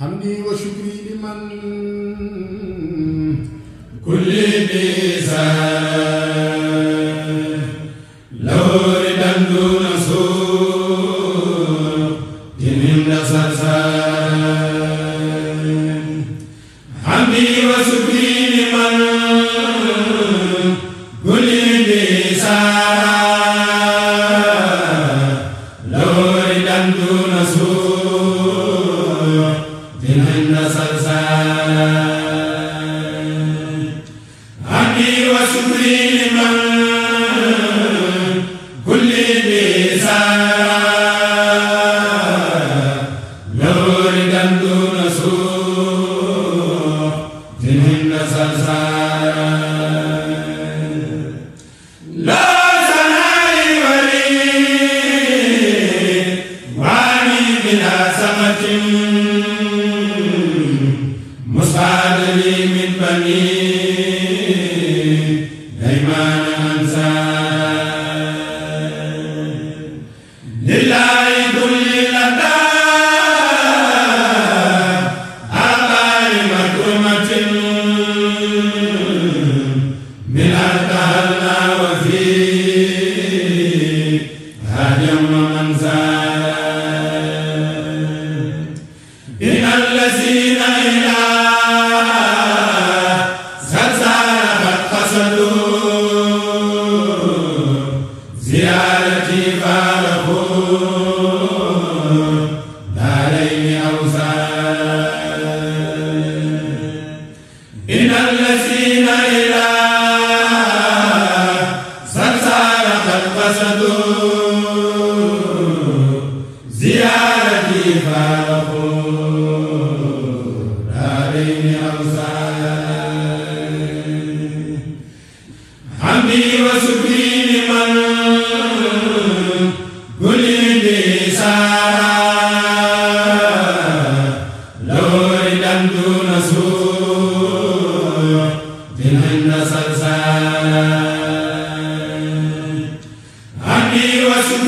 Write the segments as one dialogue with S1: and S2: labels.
S1: حمدي وشكري لمن كل ميزان من بني la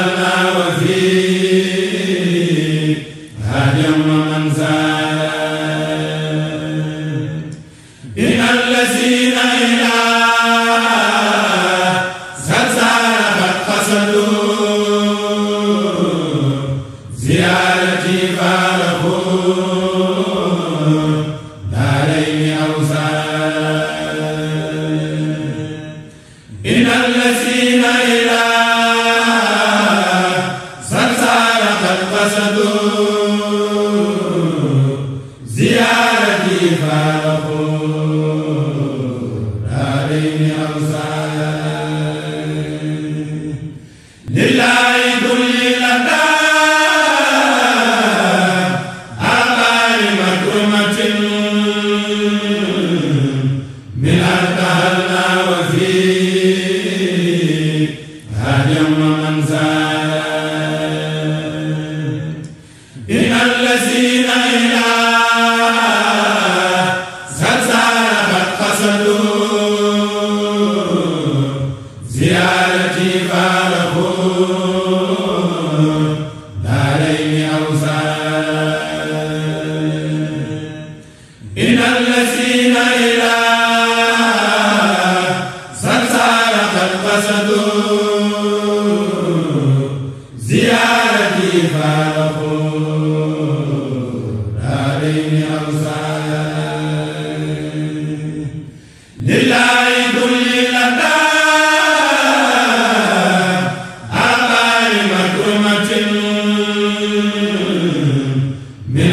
S1: na ziyaarati fa ziyaarati faaraxu daarayni awsaan من